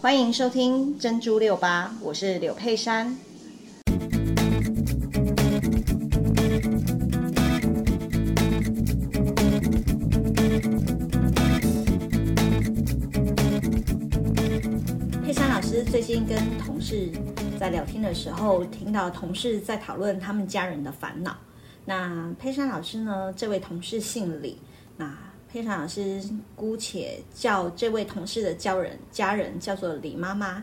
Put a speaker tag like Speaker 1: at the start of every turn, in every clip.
Speaker 1: 歡迎收聽《珍珠六八》，我是柳佩珊。佩珊老師最近跟同事在聊天的時候，聽到同事在討論他們家人的煩惱。那佩珊老師呢？這位同事姓李，那。非常老師姑且叫這位同事的家人，家人叫做李媽媽。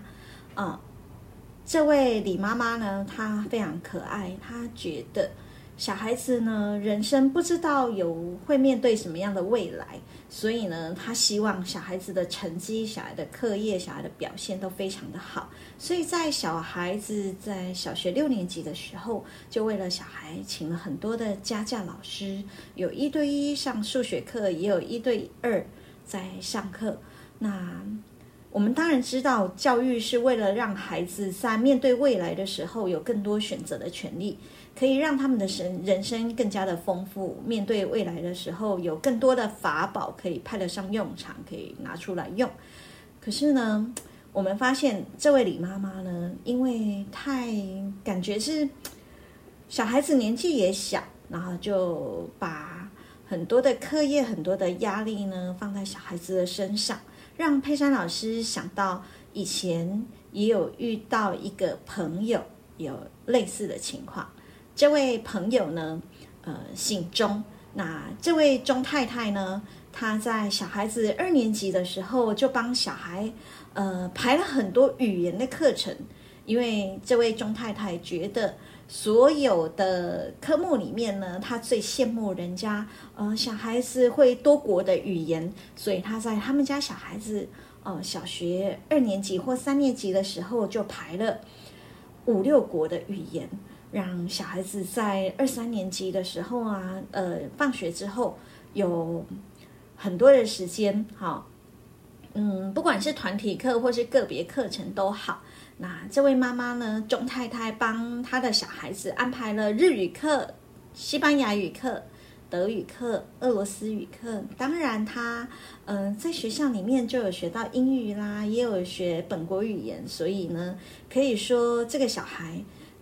Speaker 1: 嗯，這位李媽媽呢，她非常可愛，她覺得。小孩子呢，人生不知道有會面對什麼樣的未來，所以呢，他希望小孩子的成績、小孩的課業、小孩的表現都非常的好。所以在小孩子在小學六年級的時候，就為了小孩請了很多的家教老師，有一對一上數學課，也有一對二在上課。那我們當然知道，教育是為了讓孩子在面對未來的時候有更多選擇的權利。可以讓他們的生人生更加的豐富，面對未來的時候，有更多的法寶可以派得上用場，可以拿出來用。可是呢，我們發現這位李媽媽呢，因為太感覺是小孩子年紀也小，然後就把很多的課業、很多的壓力呢，放在小孩子的身上，讓佩珊老師想到以前也有遇到一個朋友有類似的情況。這位朋友呢，呃，姓鍾。那這位鍾太太呢，她在小孩子二年級的時候就幫小孩，呃，排了很多語言的課程。因為這位鍾太太覺得所有的科目裡面呢，她最羨慕人家，呃，小孩子會多國的語言，所以她在他們家小孩子，呃，小學二年級或三年級的時候就排了五六國的語言。讓小孩子在二三年級的時候啊，呃，放學之後有很多的時間，好，嗯，不管是團體課或是個別課程都好。那這位媽媽呢，鍾太太幫她的小孩子安排了日語課、西班牙語課、德語課、俄羅斯語課。當然她，他、呃、嗯在學校裡面就有學到英語啦，也有學本國語言，所以呢，可以說這個小孩。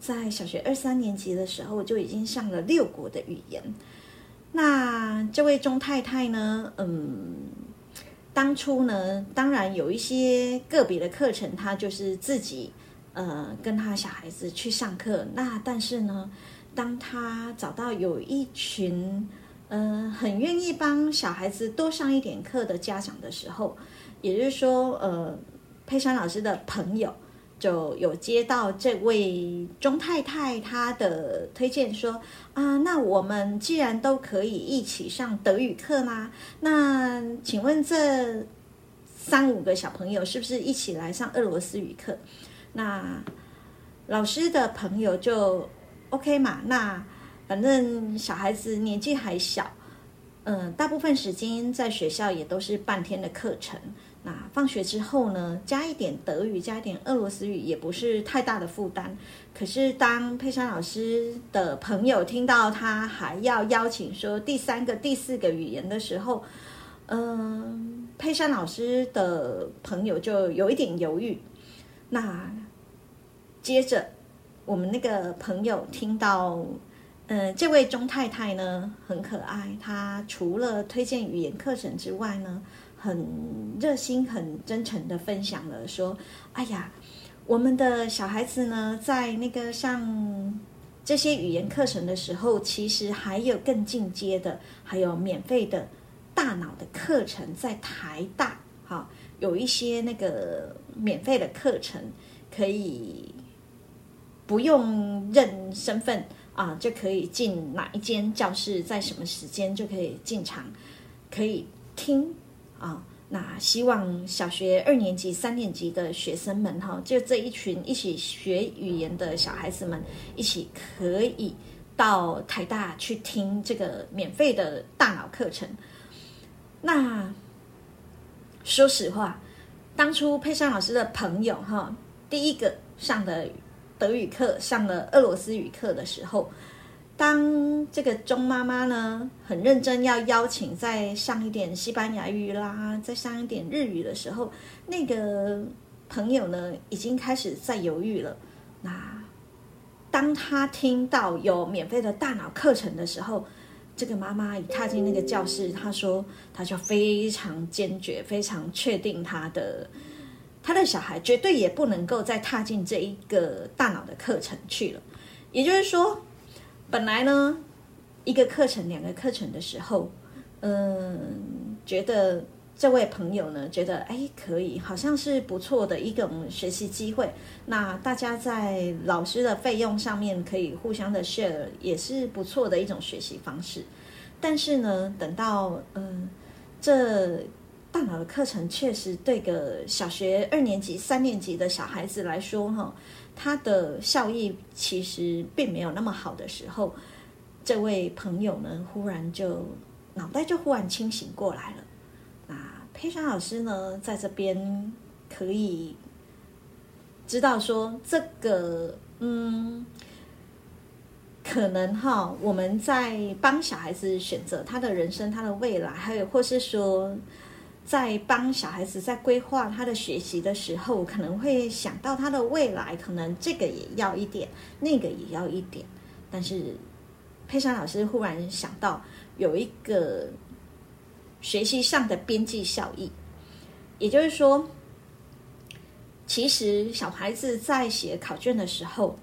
Speaker 1: 在小學二三年級的時候，就已經上了六國的語言。那這位鍾太太呢，嗯，當初呢，當然有一些個別的課程，她就是自己，呃，跟她小孩子去上課。那但是呢，當她找到有一群，呃，很願意幫小孩子多上一點課的家長的時候，也就是說，呃，佩珊老師的朋友。就有接到這位鍾太太她的推薦說啊，那我們既然都可以一起上德語課嗎？那請問這三五個小朋友是不是一起來上俄羅斯語課？那老師的朋友就 OK 嘛。那反正小孩子年紀還小，嗯、呃，大部分時間在學校也都是半天的課程。那放學之後呢，加一點德語，加一點俄羅斯語，也不是太大的負擔。可是，當佩珊老師的朋友聽到他還要邀請說第三個、第四個語言的時候，嗯、呃，佩珊老師的朋友就有一點猶豫。那接着，我們那個朋友聽到，嗯、呃，這位鍾太太呢很可愛，她除了推薦語言課程之外呢，很熱心、很真誠的分享了，說：“哎呀，我們的小孩子呢，在那個上這些語言課程的時候，其實還有更進階的，還有免費的大腦的課程，在台大，哈，有一些那個免費的課程可以不用認身份啊，就可以進哪一間教室，在什麼時間就可以進場，可以聽。”啊、哦，那希望小學二年級、三年級的學生們哈、哦，就這一群一起學語言的小孩子們，一起可以到台大去聽這個免費的大腦課程。那說實話，當初佩珊老師的朋友哈、哦，第一個上的德語課、上了俄羅斯語課的時候。當這個鍾媽媽呢，很認真要邀請再上一點西班牙語啦，再上一點日語的時候，那個朋友呢，已經開始在猶豫了。那當她聽到有免費的大腦課程的時候，這個媽媽一踏進那個教室，她說，她就非常堅決、非常確定，她的，她的小孩絕對也不能夠再踏進這一個大腦的課程去了。也就是說。本來呢，一個課程、兩個課程的時候，嗯，覺得這位朋友呢，覺得哎可以，好像是不錯的一種學習機會。那大家在老師的費用上面可以互相的 share，也是不錯的一種學習方式。但是呢，等到嗯，這大腦的課程確實對個小學二年級、三年級的小孩子來說，哈、哦。他的效益其實並沒有那麼好的時候，這位朋友呢，忽然就腦袋就忽然清醒過來了。那佩珊老師呢，在這邊可以知道說，這個嗯，可能哈，我們在幫小孩子選擇他的人生、他的未來，還有或是說。在幫小孩子在規劃他的學習的時候，可能會想到他的未來，可能這個也要一點，那個也要一點。但是佩珊老師忽然想到有一個學習上的邊際效益，也就是說，其實小孩子在寫考卷的時候，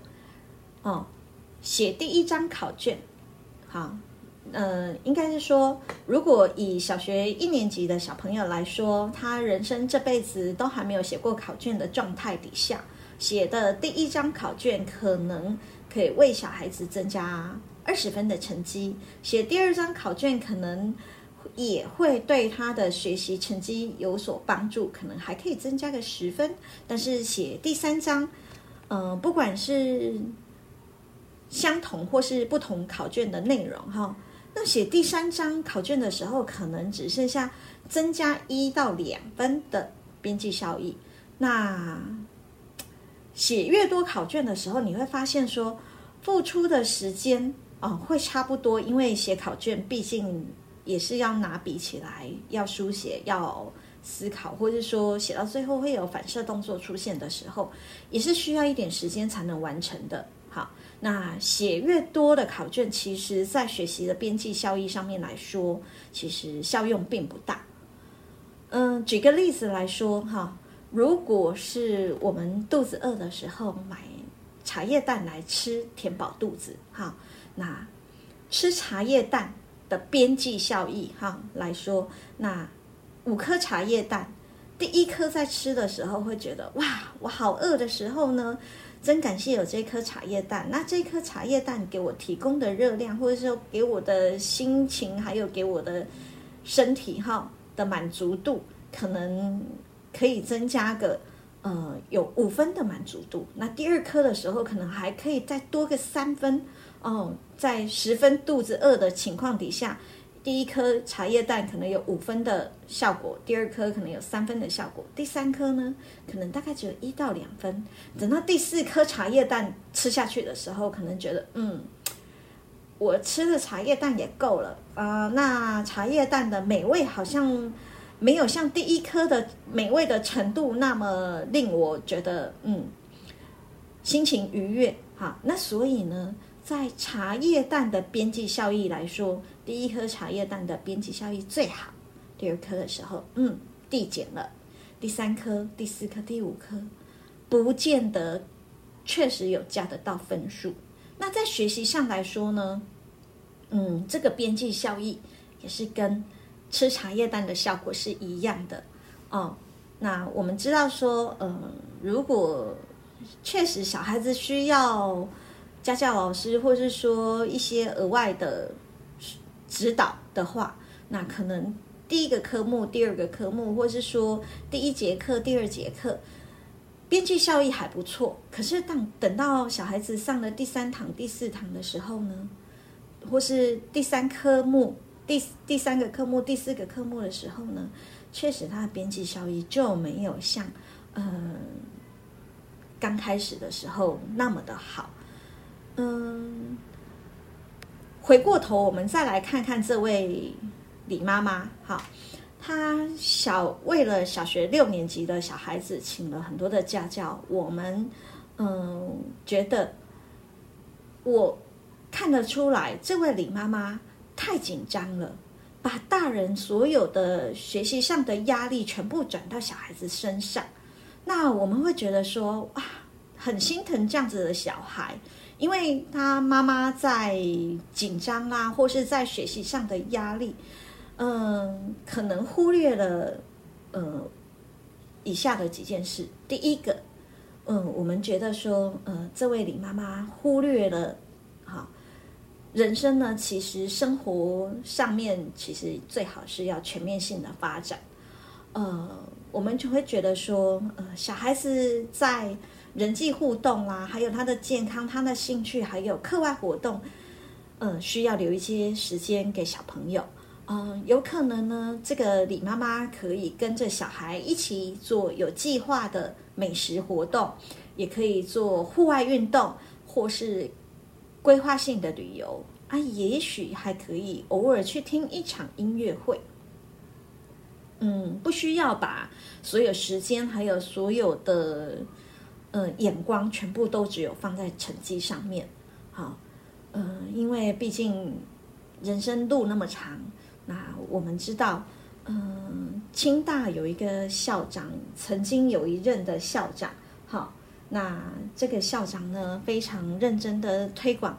Speaker 1: 哦，寫第一張考卷，好。呃，應該是說，如果以小學一年級的小朋友來說，他人生這輩子都還沒有寫過考卷的狀態底下，寫的第一張考卷可能可以為小孩子增加二十分的成績，寫第二張考卷可能也會對他的學習成績有所幫助，可能還可以增加個十分。但是寫第三張，嗯、呃，不管是相同或是不同考卷的內容，哈。那寫第三張考卷的時候，可能只剩下增加一到兩分的邊際效益。那寫越多考卷的時候，你會發現說，付出的時間啊，嗯，會差不多，因為寫考卷畢竟也是要拿筆起來，要書寫，要思考，或者說寫到最後會有反射動作出現的時候，也是需要一點時間才能完成的。好。那寫越多的考卷，其實在學習的邊際效益上面來說，其實效用並不大。嗯，舉個例子來說哈，如果是我們肚子餓的時候買茶葉蛋來吃，填飽肚子，哈，那吃茶葉蛋的邊際效益哈來說，那五顆茶葉蛋，第一顆在吃的時候會覺得哇，我好餓的時候呢。真感謝有這顆茶葉蛋，那這顆茶葉蛋給我提供的熱量，或者說給我的心情，還有給我的身體哈的滿足度，可能可以增加個呃有五分的滿足度。那第二顆的時候，可能還可以再多個三分哦、嗯，在十分肚子餓的情況底下。第一顆茶葉蛋可能有五分的效果，第二顆可能有三分的效果，第三顆呢，可能大概只有一到兩分。等到第四顆茶葉蛋吃下去的時候，可能覺得嗯，我吃的茶葉蛋也夠了啊、呃。那茶葉蛋的美味好像沒有像第一顆的美味的程度那麼令我覺得嗯心情愉悅。哈。那所以呢，在茶葉蛋的邊際效益來說，第一顆茶葉蛋的邊際效益最好，第二顆的時候，嗯，遞減了。第三顆、第四顆、第五顆，不見得確實有加得到分數。那在學習上來說呢，嗯，這個邊際效益也是跟吃茶葉蛋的效果是一樣的哦。那我們知道說，嗯，如果確實小孩子需要家教老師，或是說一些額外的。指導的話，那可能第一個科目，第二個科目，或是說第一節課，第二節課，邊際效益還不錯。可是當等到小孩子上了第三堂、第四堂的時候呢，或是第三科目、第第三個科目、第四個科目的時候呢，確實他的邊際效益就沒有像嗯、呃、剛開始的時候那麼的好，嗯、呃。回過頭，我們再來看看這位李媽媽。好，她，小為了小學六年級的小孩子，請了很多的家教。我們嗯，覺得我看得出來，這位李媽媽太緊張了，把大人所有的學習上的壓力全部轉到小孩子身上。那我們會覺得說啊，很心疼這樣子的小孩。因為他媽媽在緊張啊，或是在學習上的壓力，嗯、呃，可能忽略了，呃，以下的幾件事。第一個，嗯、呃，我們覺得說，呃，這位李媽媽忽略了，哈、哦，人生呢，其實生活上面其實最好是要全面性的發展。呃，我們就會覺得說，呃，小孩子在。人際互動啦、啊，還有他的健康、他的興趣，還有課外活動，嗯，需要留一些時間給小朋友。嗯，有可能呢，這個李媽媽可以跟着小孩一起做有計劃的美食活動，也可以做戶外運動，或是規劃性的旅遊啊。也許還可以偶爾去聽一場音樂會。嗯，不需要把所有時間還有所有的。呃，眼光全部都只有放在成績上面，好，嗯、呃，因為畢竟人生路那麼長，那我們知道，嗯、呃，清大有一個校長，曾經有一任的校長，好，那這個校長呢，非常認真的推廣，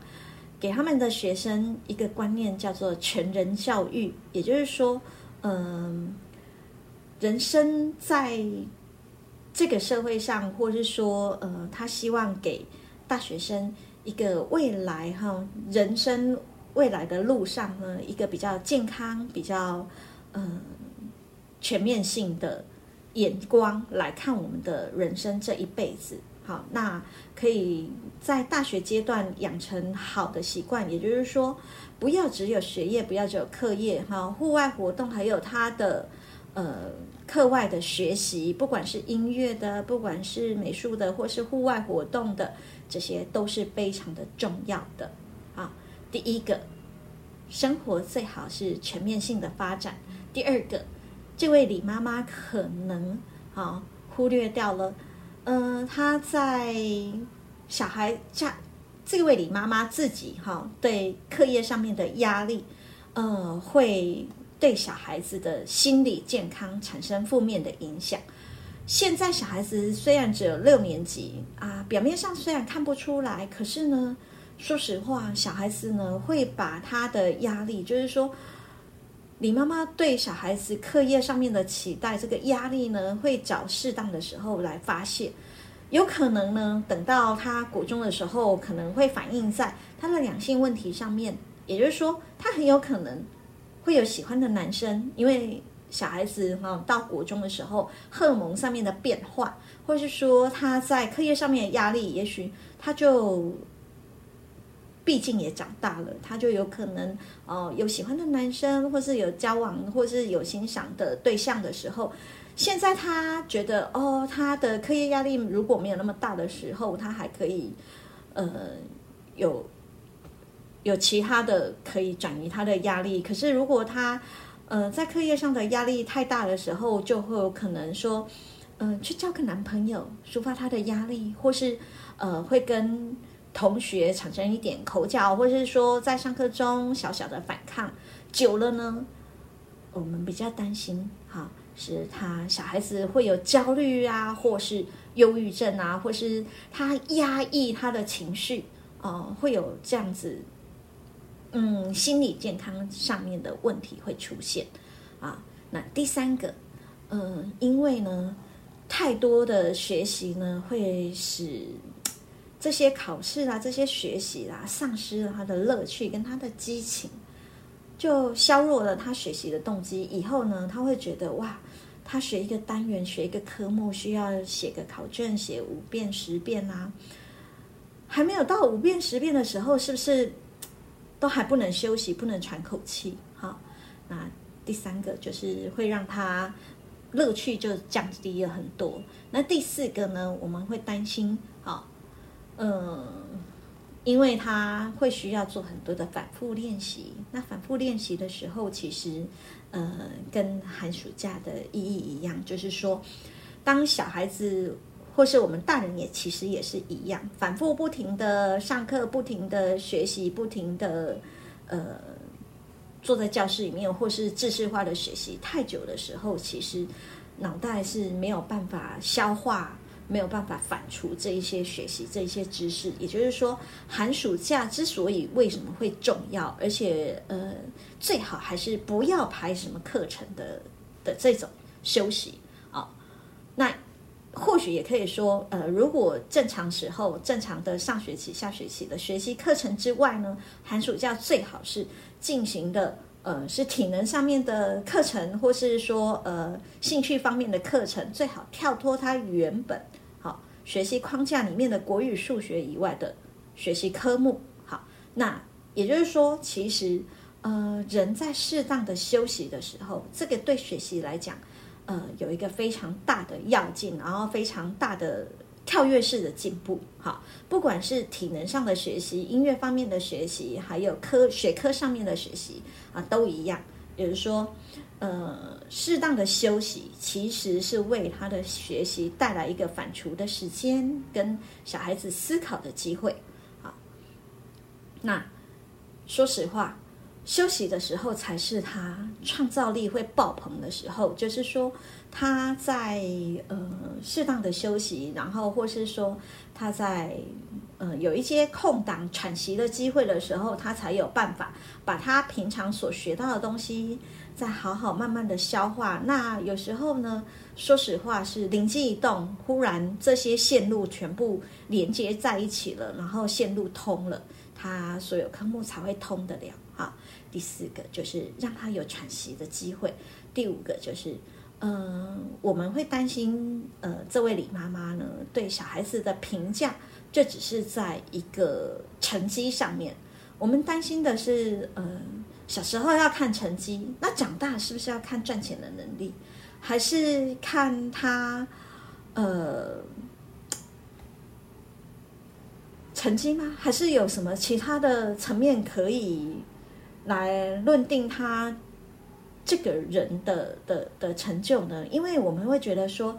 Speaker 1: 給他們的學生一個觀念，叫做全人教育，也就是說，嗯、呃，人生在。這個社會上，或是說，呃，他希望給大學生一個未來哈，人生未來的路上呢，一個比較健康、比較嗯、呃，全面性的眼光來看我們的人生這一輩子。好，那可以在大學階段養成好的習慣，也就是說，不要只有學業，不要只有課業，哈，戶外活動還有他的呃。課外的學習，不管是音樂的，不管是美術的，或是戶外活動的，這些都是非常的重要的啊。第一個，生活最好是全面性的發展。第二個，這位李媽媽可能啊忽略掉了，嗯、呃，她在小孩家，這位李媽媽自己哈、啊，對課業上面的壓力，呃，會。對小孩子的心理健康產生負面的影響。現在小孩子雖然只有六年級啊，表面上雖然看不出來，可是呢，說實話，小孩子呢會把他的壓力，就是說，李媽媽對小孩子課業上面的期待，這個壓力呢，會找適當的時候來發洩。有可能呢，等到他國中的時候，可能會反映在他的兩性問題上面，也就是說，他很有可能。會有喜歡的男生，因為小孩子啊到國中的時候，荷爾蒙上面的變化，或者是說他在課業上面的壓力，也許他就畢竟也長大了，他就有可能哦有喜歡的男生，或是有交往，或是有欣賞的對象的時候，現在他覺得哦他的課業壓力如果沒有那麼大的時候，他還可以呃有。有其他的可以轉移他的壓力，可是如果他，呃，在課業上的壓力太大的時候，就會有可能說，呃，去交個男朋友抒發他的壓力，或是呃，會跟同學產生一點口角，或是說在上課中小小的反抗，久了呢，我們比較擔心哈、啊，是他小孩子會有焦慮啊，或是憂鬱症啊，或是他壓抑他的情緒啊、呃，會有這樣子。嗯，心理健康上面的問題會出現，啊，那第三個，嗯，因為呢，太多的學習呢，會使這些考試啊、這些學習啦、啊，喪失了他的樂趣跟他的激情，就削弱了他學習的動機。以後呢，他會覺得哇，他學一個單元、學一個科目，需要寫個考卷寫五遍、十遍啊，還沒有到五遍十遍的時候，是不是？都還不能休息，不能喘口氣，好。那第三個就是會讓他樂趣就降低了很多。那第四個呢，我們會擔心，好、嗯、呃，因為他會需要做很多的反復練習。那反復練習的時候，其實，呃，跟寒暑假的意義一樣，就是說，當小孩子。或是我們大人也其實也是一樣，反復不停的上課，不停的學習，不停的呃坐在教室裡面，或是知識化的學習太久的時候，其實腦袋是沒有辦法消化，沒有辦法反芻這一些學習這一些知識。也就是說，寒暑假之所以為什麼會重要，而且呃最好還是不要排什麼課程的的這種休息啊、哦，那。或許也可以說，呃，如果正常時候正常的上學期、下學期的學習課程之外呢，寒暑假最好是進行的，呃，是體能上面的課程，或是說呃興趣方面的課程，最好跳脫它原本好學習框架裡面的國語、數學以外的學習科目。好，那也就是說，其實呃人在適當的休息的時候，這個對學習來講。呃，有一個非常大的躍進，然後非常大的跳躍式的進步。好，不管是體能上的學習、音樂方面的學習，還有科學科上面的學習啊，都一樣。也就是說，呃，適當的休息其實是為他的學習帶來一個反芻的時間，跟小孩子思考的機會。好，那說實話。休息的時候才是他創造力會爆棚的時候，就是說他在呃適當的休息，然後或是說他在呃有一些空檔喘息的機會的時候，他才有辦法把他平常所學到的東西再好好慢慢的消化。那有時候呢，說實話是靈機一動，忽然這些線路全部連接在一起了，然後線路通了，他所有科目才會通得了。第四個就是讓他有喘息的機會，第五個就是，嗯、呃，我們會擔心，呃，這位李媽媽呢，對小孩子的評價，這只是在一個成績上面。我們擔心的是，嗯、呃，小時候要看成績，那長大是不是要看賺錢的能力，還是看他，呃，成績嗎？還是有什麼其他的層面可以？來論定他這個人的的的成就呢？因為我們會覺得說，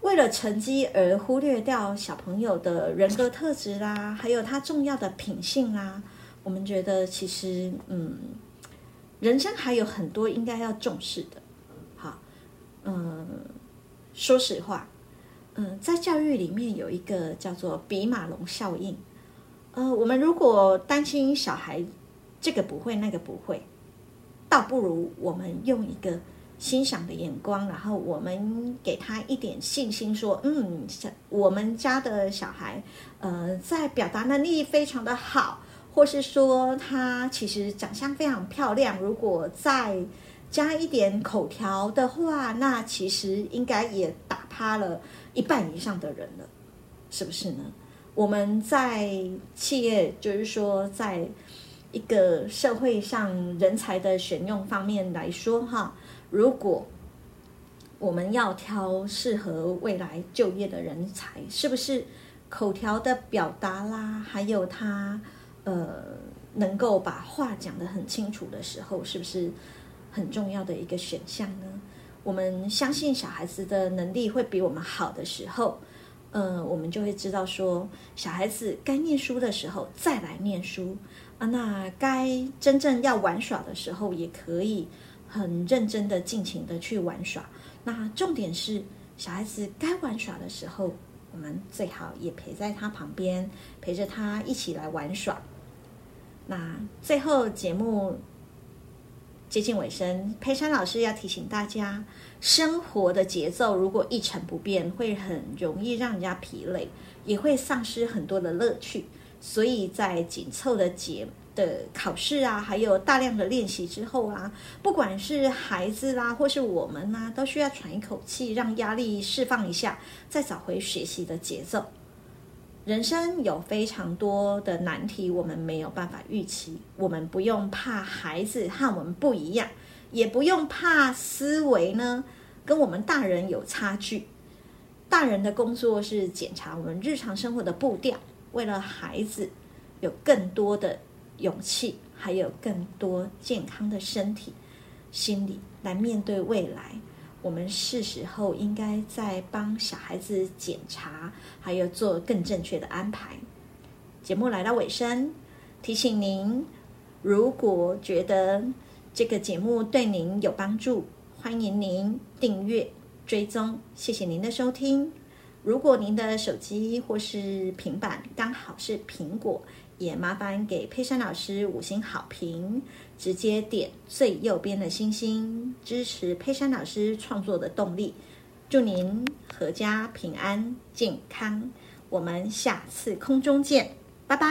Speaker 1: 為了成績而忽略掉小朋友的人格特質啦，還有他重要的品性啦，我們覺得其實，嗯，人生還有很多應該要重視的。好，嗯，說實話，嗯，在教育裡面有一個叫做比馬龍效應。呃，我們如果擔心小孩。這個不會，那個不會，倒不如我們用一個欣賞的眼光，然後我們給他一點信心，說：“嗯，我們家的小孩，呃，在表達能力非常的好，或是說他其實長相非常漂亮，如果再加一點口條的話，那其實應該也打趴了一半以上的人了，是不是呢？我們在企業，就是說在。”一個社會上人才的選用方面來說，哈，如果我們要挑適合未來就業的人才，是不是口條的表達啦，還有他呃能夠把話講得很清楚的時候，是不是很重要的一個選項呢？我們相信小孩子的能力會比我們好的時候，嗯、呃，我們就會知道說小孩子該念書的時候再來念書。啊，那該真正要玩耍的時候，也可以很認真的、盡情的去玩耍。那重點是，小孩子該玩耍的時候，我們最好也陪在他旁邊，陪着他一起來玩耍。那最後節目接近尾聲，佩珊老師要提醒大家，生活的節奏如果一成不變，會很容易讓人家疲累，也會喪失很多的樂趣。所以在緊湊的節的考試啊，還有大量的練習之後啊，不管是孩子啦、啊，或是我們啊，都需要喘一口氣，讓壓力釋放一下，再找回學習的節奏。人生有非常多的難題，我們沒有辦法預期，我們不用怕孩子和我們不一樣，也不用怕思維呢跟我們大人有差距。大人的工作是檢查我們日常生活的步調。為了孩子有更多的勇氣，還有更多健康的身體、心理來面對未來，我們是時候應該再幫小孩子檢查，還有做更正確的安排。節目來到尾聲，提醒您，如果覺得這個節目對您有幫助，歡迎您訂閱追蹤。謝謝您的收聽。如果您的手機或是平板剛好是蘋果，也麻煩給佩珊老師五星好評，直接點最右邊的星星，支持佩珊老師創作的動力。祝您闔家平安健康，我們下次空中見，拜拜。